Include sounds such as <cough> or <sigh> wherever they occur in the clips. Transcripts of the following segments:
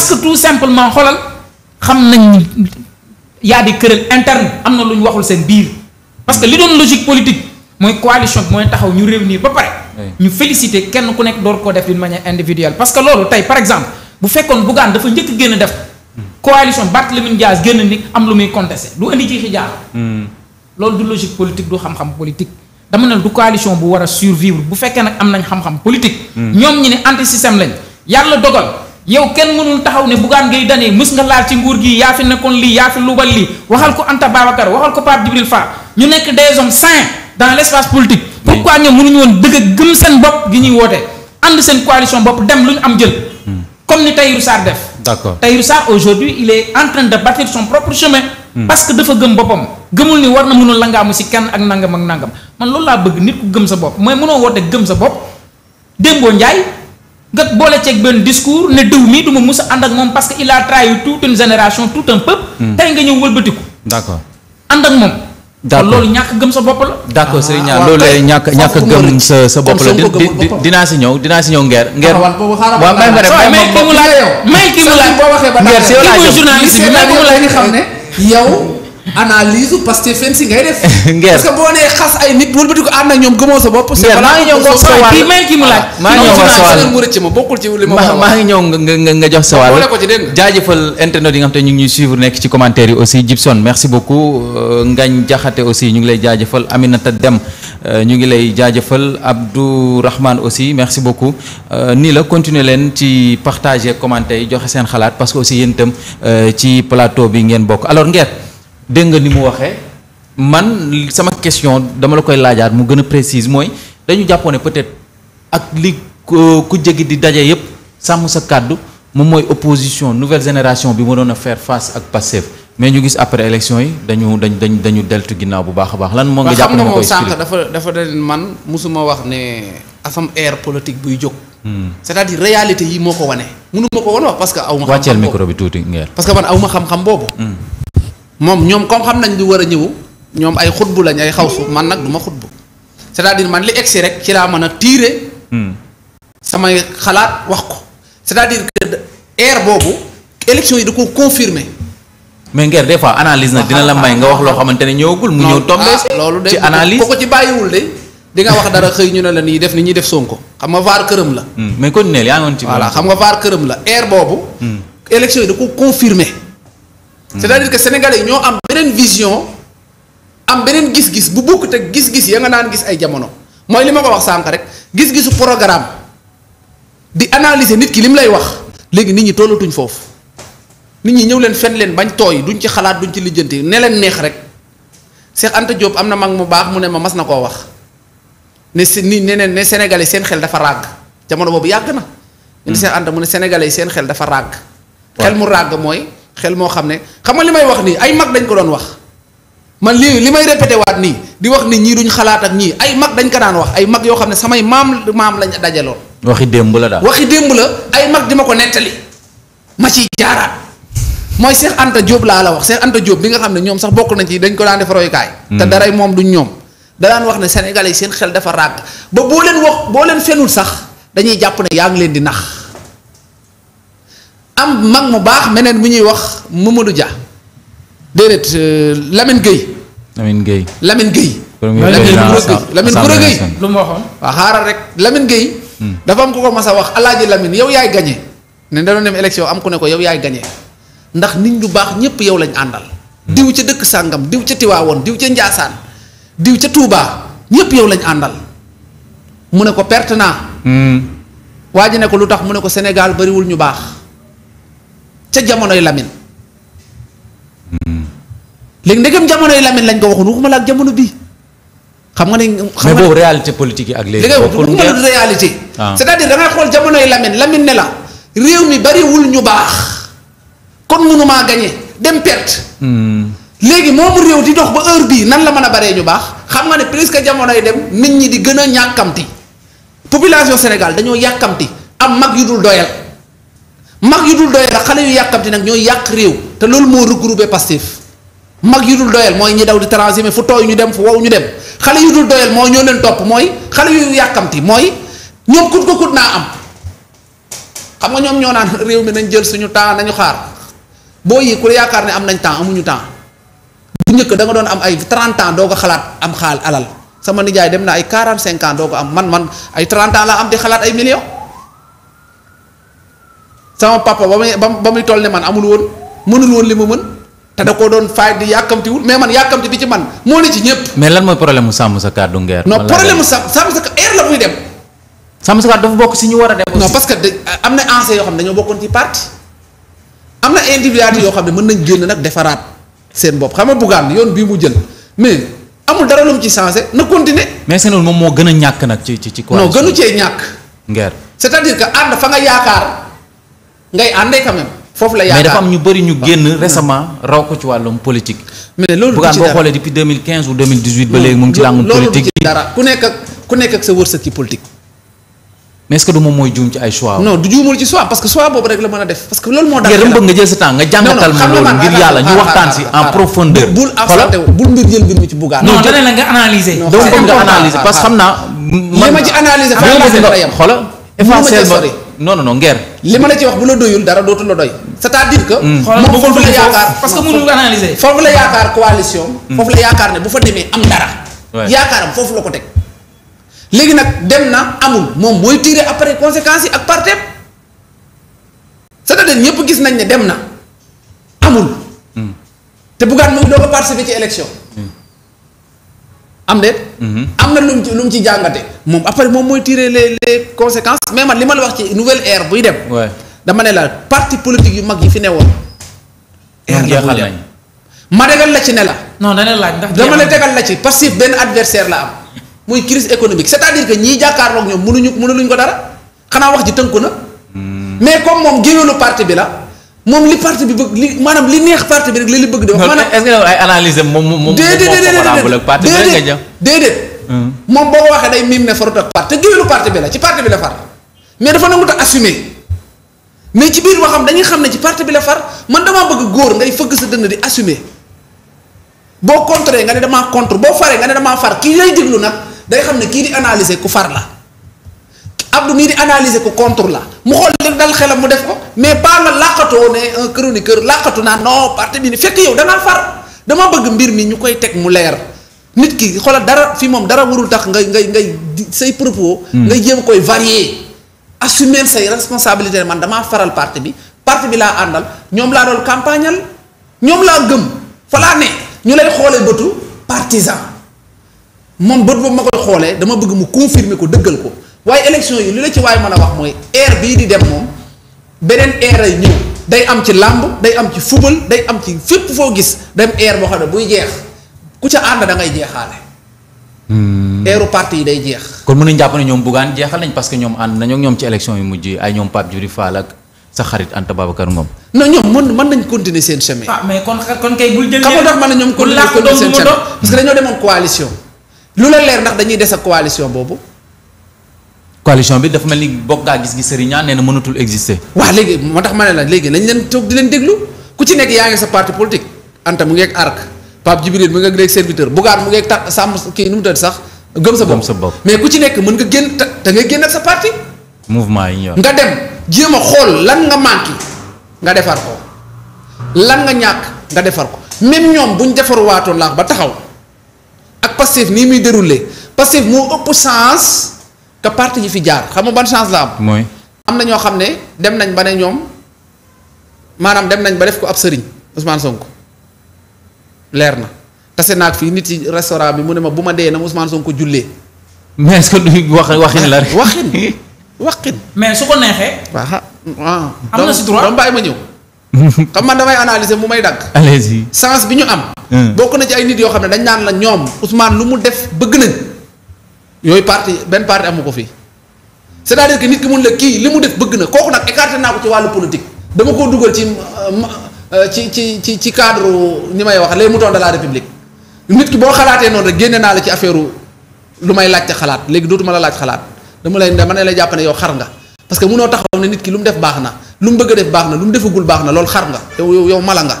parce que tout simplement xoolal xam nañ y a des querelles internes am na lu ñu waxul seen biir parce que li doon logique politique mooy coalition mooy taxaw ñu réunir ba pare. ñu féliciter kenn ku nekk door koo def d'une manière individuelle parce que loolu tey par exemple bu fekkoon Bougane dafa njëkk génn def. coalition Barthélémy Dias génn ni am lu muy contesté du indi jiixi jaar. Hmm. loolu du logique politique du xam-xam politique. dama ne du coalition bu war a survivre bu fekkee nag am nañ xam-xam politique. Hmm. ñoom ñi ne anti système lañ yàlla dogal. yow kenn mënul taxaw ne Bougane Gueye Dany mës nga laal ci nguur gi yaa fi nekkoon lii yaa fi lubal lii waxal ko Anta Babacar waxal ko Pape Djibril Fall ñu nekk des hommes sains dans l' espace politique. pourquoi ñoom mënuñu woon dëgg a gëm seen bopp gi ñuy woote ànd seen coalition bopp dem lu ñu am jël. Hmm. comme ni Tahirou Sarr def. d' accord Tahirou Sarr aujourd'hui il est en train de bâtir son propre chemin. Hmm. parce que dafa gëm boppam. gëmul ni war na mënul langaamu si kenn ak nangam ak nangam man loolu laa bëgg nit gëm sa bopp mooy mënoo woote gëm sa bopp Dembo Ndiaye. nga boole ceeg benn discours ne diw mi du ma ànd ak moom parce que il a trahi toute une génération tout un tey nga ñëw wëlbatiku. d'accord ànd ak moom. d'accord loolu ñàkk gëm sa bopp la. d'accord Serigne Niang loolu lay ñàkk ñàkk gëm sa sa bopp la dinaa si ñëw dinaa si ñëw ngeer. ngeer waaw may ma mu laaj may ki mu laaj. ngeer si yow laaj journaliste bi may ki mu laaj analyse Pastefène si ngay def. <laughs> ngeer parce que boo nee xas ay nit wëlbati ko ànd ak ñoom gëmoo sa bopp. ngeer maa ngi ñëw nga sa maa ngi ñëw nga sa wàll mu ma ñëw nga nga jox sa wàll. boole ko jaajëfal internet yi nga xam te ñu ngi suivre nekk ci commentaire yi aussi Gibson merci beaucoup euh, Ngagne jaxate aussi ñu ngi lay jaajëfal Aminata Dem euh, ñu ngi lay jaajëfal Abdou Rahman aussi merci beaucoup euh, nii la continuer leen ci partager commenter yi joxe seen xalaat parce que aussi yéen itam ci plateau bi ngeen bokk alors Nguer dégg nga ni mu waxee man sama question dama la koy laajaat mu gën a précise mooy dañu jàppoone peut-être ak li ku jéggi di daje yépp sàmm sa kàddu moom mooy opposition nouvelle génération bi ma doon a faire face ak Pastef mais ñu gis après yi dañu dañ dañ dañu deltu ginnaaw bu baax a baax lan moo nga jàpp moo koy sànq dafa dafa da man musuma wax ne afam air politique buy jóg hmm. cest à di réalité yi moo ko wane mënu ko wan wax parce que aw ma tuuti ngeer parce que man aw ma xam-xam boobu hmm. moom ñoom comme xam nañ lu war a ñëw ñoom ay xutbu lañ ay xaw xawsu man nag du ma xutbu c'est-à-dire man li egg egsi rek ci laa man a tiire hmm. samay xalaat wax ko c'est-à-dire que air boobu élection yi da ko confirmer mais ngeer des fois analyse na dina la may nga wax loo xamante ne ñëwagul mu ñëw ah, loolu de ci analyse ko ci bàyyiwul de di nga wax dara xëy ñu ne la nii def ni ñuy def sonko xam nga vaar këram la hmm. mais kon neel ci voilà xam nga vaar këram la air boobu hmm. élection yi da ko confirmer c'est-à-dire que yi ñoo am beneen vision am beneen gis-gis bu bukk teg gis-gis ya nga naan gis ay jamono mooy li ma ko wax sànq rek gis-gisu programme di analyser nit ki li mu lay wax léegi nit ñi tollatuñ foofu nit ñi ñëw leen fen leen bañ tooy duñ ci xalaat duñ ci lijjante ne leen neex rek Cheikh Anta Diop am na mag mu baax mu ne ma mas na koo wax ne si ni ne ne sénégalais seen xel dafa ràgg jamono boobu yàgg na. ñu ne Cheikh Anta mu ne sénégalais seen xel dafa ràgg. xel mu ràgg mooy. xel moo xam ne xam nga li may wax nii ay mag dañ ko doon wax man lii li may répété waat nii di wax ni ñii duñ xalaat ak ñii ay mag dañ ko daan wax ay mag yoo xam ne samay maam maam lañ dajaloon. waxi démb la daal waxi démb la ay mag di ma ko nettali ma ciy jaaraat mooy Cheikh Anta Diop laa la wax Cheikh Anta jóob bi nga xam ne ñoom sax bokk nañ ci dañ ko daan def royukaay. Hmm. te daray moom duñ ñoom. da daan wax ne Sénégalais yi seen xel dafa ràgg ba boo leen wax boo leen fenul sax dañuy jàpp ne yaa ngi leen di nax. am mag mu baax meneen mu ñuy wax Mamadou Dia déedéet euh, Lamine Gueye. Lamine Gueye Lamine Gueye. premier président lu mu waxoon. waaw xaaral rek Lamine Gueye. Hmm. dafa am ku ko mas a wax alaaji Lamine yow yaay gagné ne da doon am ku ne ko yow yaay gagné ndax nit ñu baax ñëpp yow lañ àndal. Hmm. diw ca dëkk sàngam diw ca Tiwaawoon diw ca Njaasaan diw ca Touba ñëpp yow lañ àndal mu ne ko perte naa. Hmm. waa ji ne ko lu tax mu ne ko Sénégal bariwul ñu baax. ca jamonoy Lamine. Hmm. léegi ndegam jamonoy Lamine lañ ko waxoon waxuma la ak jamono bii. xam nga ne xam nga boobu réalité politique yi ak léegi. bokkul ngeen léegi réalité. Ah. c'est-à-dire da ngay xool jamonoy Lamine Lamine ne la réew mi bariwul ñu baax kon mënumaa gañe dem perte. Hmm. léegi moomu réew di dox ba heure bii nan la mën a baree ñu baax xam nga ne presque jamonoy dem nit ñi di gën a ñàkkamti population Sénégal dañoo yàkkamti am mag yu dul doyal. mag yu dul doyal xale yu yàkkamti nag ñooy yàq réew te loolu moo regroupé Pastef mag yu dul doyal mooy ñi daw di transimer fu tooy ñu dem fu wow ñu dem xale yu dul doyal mooy ñoo leen topp mooy xale yu yàkkamti mooy ñoo kut ko kut naa am xam nga ñoom ñoo naan <laughs> réew mi nañ jël suñu temps nañu xaar boo yi ku yaakaar ne am nañ temps amuñu temps bu njëkk da doon am ay 30 doo ko xalaat am xaal alal sama nijaay dem na ay 45 ans doo am man man ay 30 laa am di xalaat ay millions. sama papa ba muy ba mu toll ne man amul woon mënul woon li ma mën te da koo doon fay di yàkkamtiwul mais man yàkkamti bi ci man moo ne ci ñëpp. mais lan mooy problème mu sàmm sa kàddu ngeer. non problème sàmm sa kàddu la muy dem. sàmm sa dafa bokk si ñu war a dem. non parce que am na anciens yoo xam ne dañoo bokkoon ci am na individualité yoo xam ne mën nañ génn nag defaraat seen bopp xam nga Bougane yoon bii mu jël mais amul dara lu mu ci changé na continuer. mais seen moom moo gën a ñàkk nag ci ci ci. non gënu cee ñàkk. ngeer c'est-à-dire que ànd fa nga yaakaar. ngay àndee quand même. foofu la yaakaar mais ñu bëri ñu génn récemment raw ko ci wàllum politique. mais loolu ci dara ou 2018. ba léegi mu ngi ci làngum politique bi dara ku nekk ak ku nekk ak sa wërsëg ci politique. mais est-ce mooy juum ci ay choix. non du juumul ci choix parce que choix boobu rek la mën a def. parce que loolu moo. daan nga jël sa temps nga jàngatal ma loolu ngir yàlla ñu waxtaan si en profondeur. bul affronté bul mbir jël mbir mi ci buggaan. non danañ la nga analyser. non nga analyser parce que noonu non non ngeer. li ma la ci wax bu la doyul dara dootul la doy. c'est-à-dire que. Hmm. xoolal moom foofu la yaakaar parce que mënul analyser. foofu la yaakaar coalition. Hmm. foofu la yaakaar ne bu fa demee am dara. yaakaaram foofu la ko teg. léegi nag dem na amul moom mooy tirer après conséquences yi ak parteem c'est-à-dire ñëpp gis nañ ne dem na amul. Hmm. te Bougane moom doo ko participer ci élection. am déet. Mhm. am na lu mu ci mu ci jàngate moom après moom mooy tirer les les conséquences mais man li ma la wax ci nouvelle ère buy dem. dama ne la parti politique yu mag yi fi newoon. ère jeexal nañ ma degal la ci ne la. non dana laaj ndax dama la degal la ci passif benn adversaire la am muy crise économique c'est-à-dire que ñii jàkkaarloog ñoom mënuñu ñu ko dara xanaa wax ji tënku na. Hmm. mais comme moom génnoonu parti bi la. moom li parti bi bëgg li maanaam li neex parti bi rek la li bëgg di wax. maanaam est-ce que ay analyse moom moom déedéet hmm. moom boo ko waxee day miim ne farut ak parti te géwélu parti bi la ci parti bi la far mais dafa nangu ta assumer mais ci biir waxam dañuy xam ne ci parti bi la far man damaa bëgg góor ngay fëgg sa dënn di assumer boo contrer nga ne damaa contre boo faree nga ne damaa far kii lay déglu nag day xam ne kii di analyser ku far la Abdou mii di analyser ko contre la mu xool li dal xelam mu def ko mais pas nga làqatoo ne un chroniqueur làqatu naa non parti bi ni fekk yow dangaa far dama bëgg mbir mi ñu koy teg mu leer nit ki xoolal dara fi moom dara warul tax ngay ngay ngay say propos. Hmm. ngay jéem koy varier assumer say responsabilité man damaa faral parti bi parti bi laa àndal ñoom laa doon campagnal ñoom laa gëm falaa ne ñu lay xoolee bëtu partisan moom bët boobu ma koy xoolee dama bëgg mu confirmer ko dëggal ko. waaye élection yi li la ci waay mën a wax mooy ère bii di dem moom beneen ère ay ñëw day am ci làmb day am ci fubal day am ci fépp foo gis dem ère boo xam ne buy jeex ku ca ànd da ngay jeexaale. eeru hmm. parti yi day jeex. kon mën nañu jàpp ne ñoom Bougane nañ parce que ñoom ànd nañoo ñoom ci élection yu mujj ay ñoom Pape Djibril Fall ak sa xarit Anta Babacar Ngom. non ñoom mën mën nañ continuer seen chemin. ah mais kon kon kay bul jël. xam nga ndax mën na ñoom continuer seen chemin parce que dañoo demoon coalition. dañuy des ak coalition boobu. coalition bi dafa mel ni bokk gis-gis Serigne Niane na mënatul exister. waaw léegi moo tax ma ne la léegi nañ leen toog di leen déglu ku ci nekk yaa ngi sa parti politique Anta mu ngi ak ARC Pape Djibril mu ngi ak léegi serviteur Bougane mu ngi ak ta sàmm kii a xool lan nga manqué nga defar lan nga ñàkk nga defar ko même ñoom bu ñu defar waatoon laax ba taxaw ak Pastef nii muy déroulé Pastef moo ëpp chance. te parti yi fi jaar xam nga ban chance la am. mooy am na ñoo xam ne dem nañ ba ne ñoom maanaam dem nañ ba def ko ab sëriñ Ousmane Sonko leer na tase naag fii nit yi restaurant bi mu ne ma bu ma dee na Ousmane Sonko jullee. mais est-ce que du wax waxin la rek. waxin waxin. mais su ko neexee. waaw am na si droit doom bàyyi ma ñëw. <laughs> xam man damay analyser mu may dagg. allez-y sens bi ñu am. bokk na ci ay nit yoo xam ne dañ naan la ñoom Ousmane lu mu def bëgg nañ. yooyu parti benn parti amu ko fii c'est-à-dire nit ki mun la kii li mu def bëgg na kooku nag écarté naa ko ci wàllu politique dama koo dugal ci euh, ci ci ci ci cadre ñi may wax les moutons de la république nit ki boo xalaatee noonu rek génne naa la ci affaire lu may laajte xalaat léegi dootuma la laaj xalaat dama lay ma ne lay jàpp ne yow xar nga parce que munoo taxaw ne nit ki lu mu def baax na lu mu bëgg a def baax na lu mu defagul baax na loolu xar nga yow yow mala nga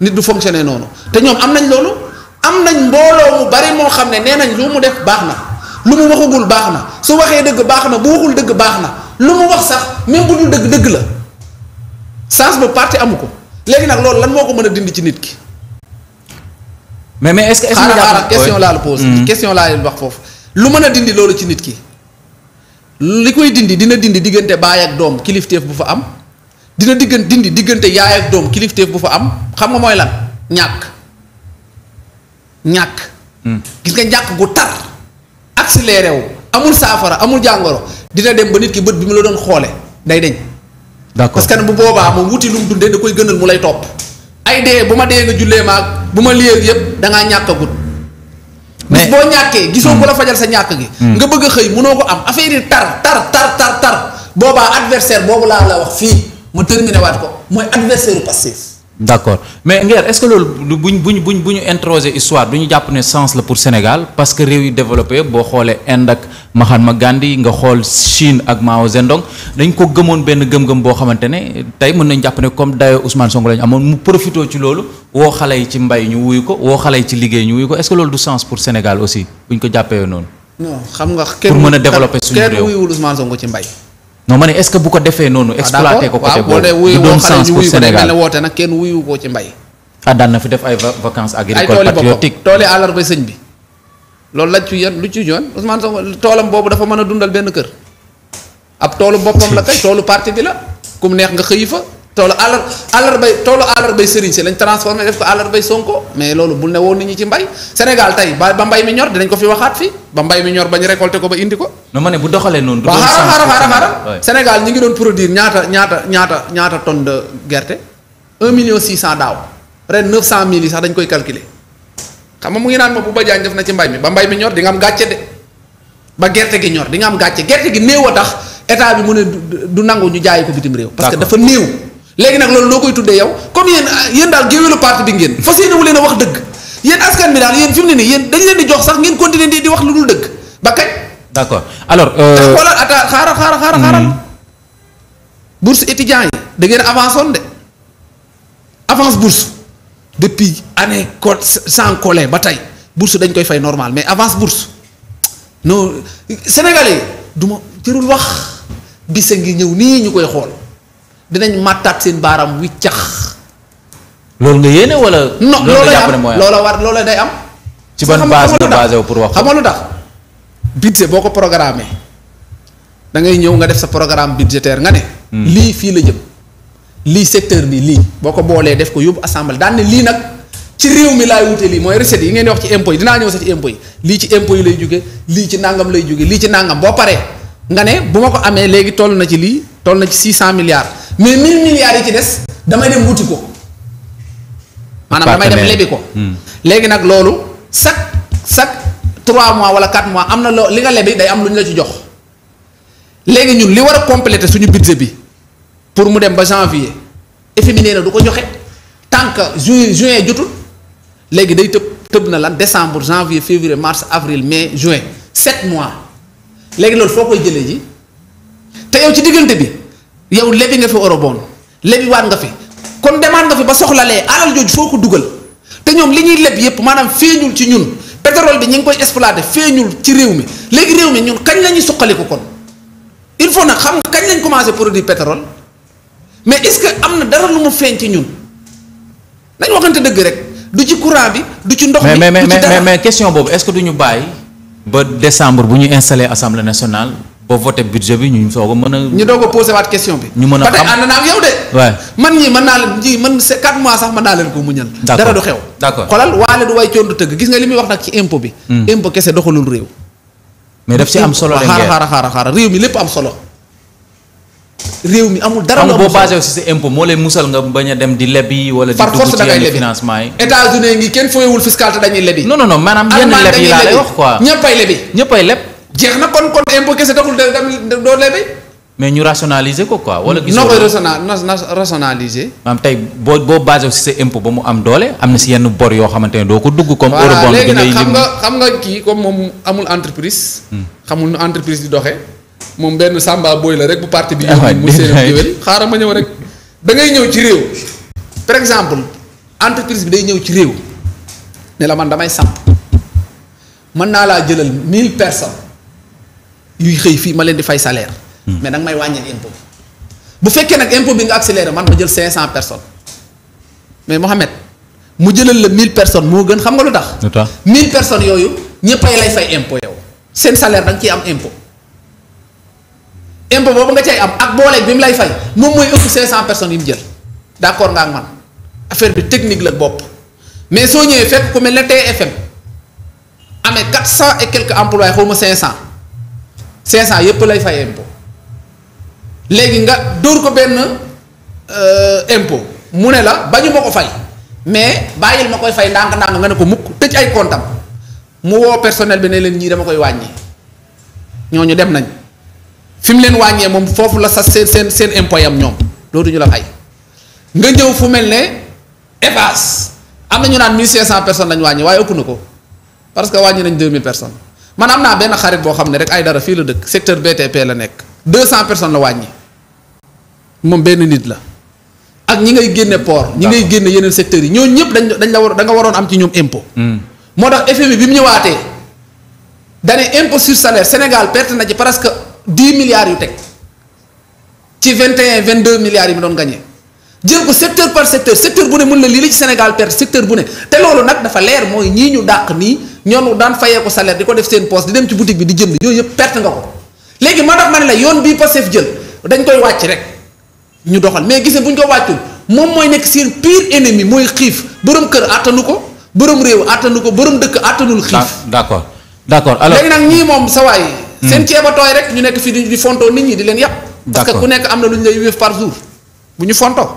nit du fonctionner noonu te ñoom am nañ loolu am nañ mbooloo bari moo xam ne nee nañ lu mu def baax na. lu mu waxagul baax na su waxee dëgg baax na bu waxul dëgg baax na lu mu wax sax même bu dul dëgg dëgg la sens boobu parti amu ko léegi nag loolu lan moo ko mën a dindi ci nit ki. mais mais est-ce que. est-ce la pose. Mm-hmm. question lu mën a dindi ci nit ki li koy dindi dina dindi diggante baay ak doom kilifteef bu fa am dina diggan dindi diggante yaay ak doom kilifteef bu fa am xam nga mooy lan ñàkk ñàkk. Mm. gis nga ñàkk gu tar. accéléré wu amul saafara amul jàngoro dina dem ba nit ki bët bi mu la doon xoole day deñ d'accord parce bu boobaa moom wuti lu mu dundee da koy gënal mu lay topp ay dee bu ma dee nga jullee maag bu ma liyee yëpp da ngaa ñàkk a gudd mais boo ñàkkee gisoo ko hmm. la fajal sa ñàkk gi. Hmm. nga bëgg a xëy mënoo ko am affaire yi tar tar tar tar tar boobaa adversaire boobu laa la wax fii mu terminé waat ko mooy adversaire passif. d' accord mais Nguer est ce que loolu buñ buñ buñ bu ñu introsé histoire du ñu jàpp ne sens la pour Sénégal parce que réew yu développé boo xoolee Inde ak Mahatma Gandhi nga xool Chine ak Mao Zedong dañ ko gëmoon benn gëm-gëm boo xamante ne tey mën nañ jàpp ne comme dayo usman Sonko la ñu amoon mu profité ci loolu woo xale yi ci mbay ñu wuyu ko woo xale yi ci liggéey ñu wuyu ko est que loolu du sens pour Sénégal aussi buñ ko jàppee noonu. non xam nga kenn pour mën a développé suñu réew kenn wuyuwul Ousmane Sonko ci mbay. non ma ne est-ce que bu ko defee noonu. Ah, exploité ko côté boobu du doon sens pour Sénégal ne woote nag kenn wuyu ko ci mbay. ah daan na fi def ay vacances agricoles patriotiques tool yi àllarba sëñ bi loolu lañ ci yoon lu ci yoon Ousmane Sonko toolam boobu dafa mën a dundal benn kër ab toolu boppam la kay toolu parti bi la kum neex nga xëy fa toolu àllar àllarbay toolu àllarbay sëriñ si lañ transformé def ko àllarbay Sonko mais loolu bul ne woon nit ñi ci mbay Sénégal tey ba ba mbay mi ñor dinañ ko fi waxaat fii ba mbay mi ñor ba récolté ko ba indi ko. non ma ne bu doxalee noonu. du doon sànq Sénégal ngi doon produire ñaata ñaata ñaata ñaata tonne de gerte un million six cent daaw ren neuf cent mille sax dañ koy calculer xam nga mu ngi naan ma bu ba jaañ def na ci mbay mi ba mbay mi ñor di nga am gàcce de ba gerte gi ñor di nga am gàcce gerte gi néew a tax état bi mu ne du nangu ñu jaayi ko bitim réew parce que dafa néew léegi nag loolu loo koy tuddee yow comme yéen yéen daal géwélu parti bi ngeen fas yéene wu leen a wax dëgg yéen askan bi daal yéen fi mu ne nii yéen dañ leen di jox sax ngeen continuer di di wax lu dul dëgg ba kañ. d' accord alors. Euh, ndax xoolal atta xaaral xaaral xaaral xaaral. Hmm. bourse étudiant yi da ngeen avance woon de avance bourse depuis année co sans collé ba tey bourse dañ koy fay normal mais avance bourse non Sénégalais du jërul wax bisa ngi ñëw nii ñu koy xool. dinañ màttaat seen baaraam wi cax. loolu nga yéene wala. non loolu am loola war loola day am. ci ban base nga basé pour wax xam nga lu tax budget boo ko programmé dangay ñëw nga def sa programme budgétaire nga ne. Hmm. lii fii la jëm. lii secteur bi lii boo ko boolee def ko yóbbu assemblée daan ne lii nag ci réew mi laay wute lii mooy recettes yi ngeen di wax ci impôts yi dinaa ñëw sax ci yi lii ci impôts yi lay jóge lii ci nangam lay jóge lii ci nangam boo paree nga ne bu ma ko léegi toll na ci lii toll na ci six cent milliards mais 1000 milliards yi ci des damay dem wuti ko. maanaam damay dem lebi ko. Hmm. léegi nag loolu chaque chaque 3 mois wala 4 mois am na loo li nga lebi day am lu ñu la ci jox. léegi ñun li war a compléter suñu budget bi pour mu dem ba janvier efféminé na du ko joxe tant que juin juin jotul léegi day tëb tëb na lan décembre janvier février mars avril mai juin 7 mois léegi loolu foo koy jëlee ji te yow ci diggante bi. yow lebi nga fi eurobond lebi waat nga fi kon demaat nga fi ba soxlalee alal jooju foo ko dugal te ñoom li ñuy leb yépp maanaam feeñul ci ñun pétrole bi ñu ngi koy exploité feeñul ci réew mi léegi réew mi ñun kañ la ñuy suqaliku kon il faut nag xam kañ lañ commencé produire pétrole mais est-ce que am na dara lu mu feeñ ci ñun nañ waxante dëgg rek du ci courant bi du ci ndox mi du ci dara mais mais mais question boobu est-ce du ñu bàyyi ba décembre bu ñu installé assemblée nationale. boo voté budget bi ñu soog a mën a. ñu doog a posé waat xam naa man ñii mën naa man naa leen ko muñal. dara du xew. d'accord xoolal waale du way coon du nga hmm. am solo la ngeen xaaral xaaral réew mi lépp am solo. réew mi amul dara. loo boo basé wu si sa musal nga bañ dem di lebi wala. di dugg ci yenn financement yi par force da ngay lebi. états ngi kenn foyewul fiscal te dañuy lebi. non maanaam yenn lebi laa lay wax quoi ñëppay lebi ñëppay leb jeex na kon kon impôt kese taxul da doo lay bay mais ñu rationaliser ko quoi. wala gisoo noo koy rationaliser. maanaam tey boo boo basé si sa impôt ba mu am doole am na si yenn bor yoo xamante ne doo ko dugg. comme eurobond bi ngay lim xam nga xam nga kii comme moom amul entreprise. Hmm. xamul nu entreprise di doxee. moom benn sàmba booy la rek bu parti bi. ah mu seen géwél xaaral ma ñëw rek. da ngay ñëw ci réew. par exemple entreprise bi day ñëw ci réew. ne la man damay samp mën naa laa jëlal mille personnes. yuy xëy fii ma leen di fay salaire. Hmm. mais da may wàññil impôt bi. bu fekkee nag impôt bi nga accéléré man ma jël cinq 500 personnes mais Mohamed mu jëlal la 1000 personne moo gën xam nga lu tax. lu tax 1000 personnes yooyu ñëppay lay fay impôt yow seen salaire da nga ciy am impôt. impôt boobu nga cay am ak booleeg bi mu lay fay moom mooy ëpp cent personnes yi mu jël d' accord nga ak man affaire bi technique la bopp mais soo ñëwee fekk ku mel ne TFM amee 400 et quelques employés xaw ma 500. cinq cent yépp lay fay impôt léegi nga dóor ko benn euh, impôt mu ne la bañu ma ko fay mais bàyyil ma koy fay ndànk-ndànk nga ne ko mukk tëj ay kontam mu woo personnel bi ne leen ñii dama koy wàññi ñu dem nañ fi mu leen wàññee moom foofu la sa seen seen seen impôt yam ñoom dootuñu la fay nga ñëw fu mel ne EPAS am na ñu naan mille cinq cent personnes lañ wàññi waaye ëpp na ko parce que wàññi nañ deux mille personnes man am naa benn xarit boo xam ne rek ay dara fii la dëkk secteur BTP la nekk 200 personnes la wàññi moom benn nit la ak ñi ngay génne port ñi ngay génne yeneen secteurs yi ñooñu ñëpp dañ dañ la war da nga waroon am ci ñoom impôt. Hmm. moo tax FMI bi mu ñëwaatee dane impôt sur salaire Sénégal perte na ci presque 10 milliards yu teg ci 21 22 milliards yi mu doon gagné. jël ko secteur par secteur secteur bu ne mën la lii la ci Sénégal perte secteur bu ne te loolu nag dafa leer mooy ñii ñu dàq nii ñoonu daan fayee ko salaire di ko def seen poste di dem ci boutique bi di jënd yooyu yëpp perte nga ko léegi la yoon bii Pastef jël dañ koy wàcc rek ñu doxal mais gis bu ñu ko wàccul moom mooy nekk seen pire ennemi mooy xiif borom kër àttanu ko borom réew àttanu ko borom dëkk àttanul xiif. d'accord d'accord alors léegi nag ñii moom sa waay hmm. seen ceeba tooy rek ñu nekk fii di fontoo nit ñi di leen yàpp. parce que ku nekk am na lu ñu lay wéef par jour bu ñu fontoo.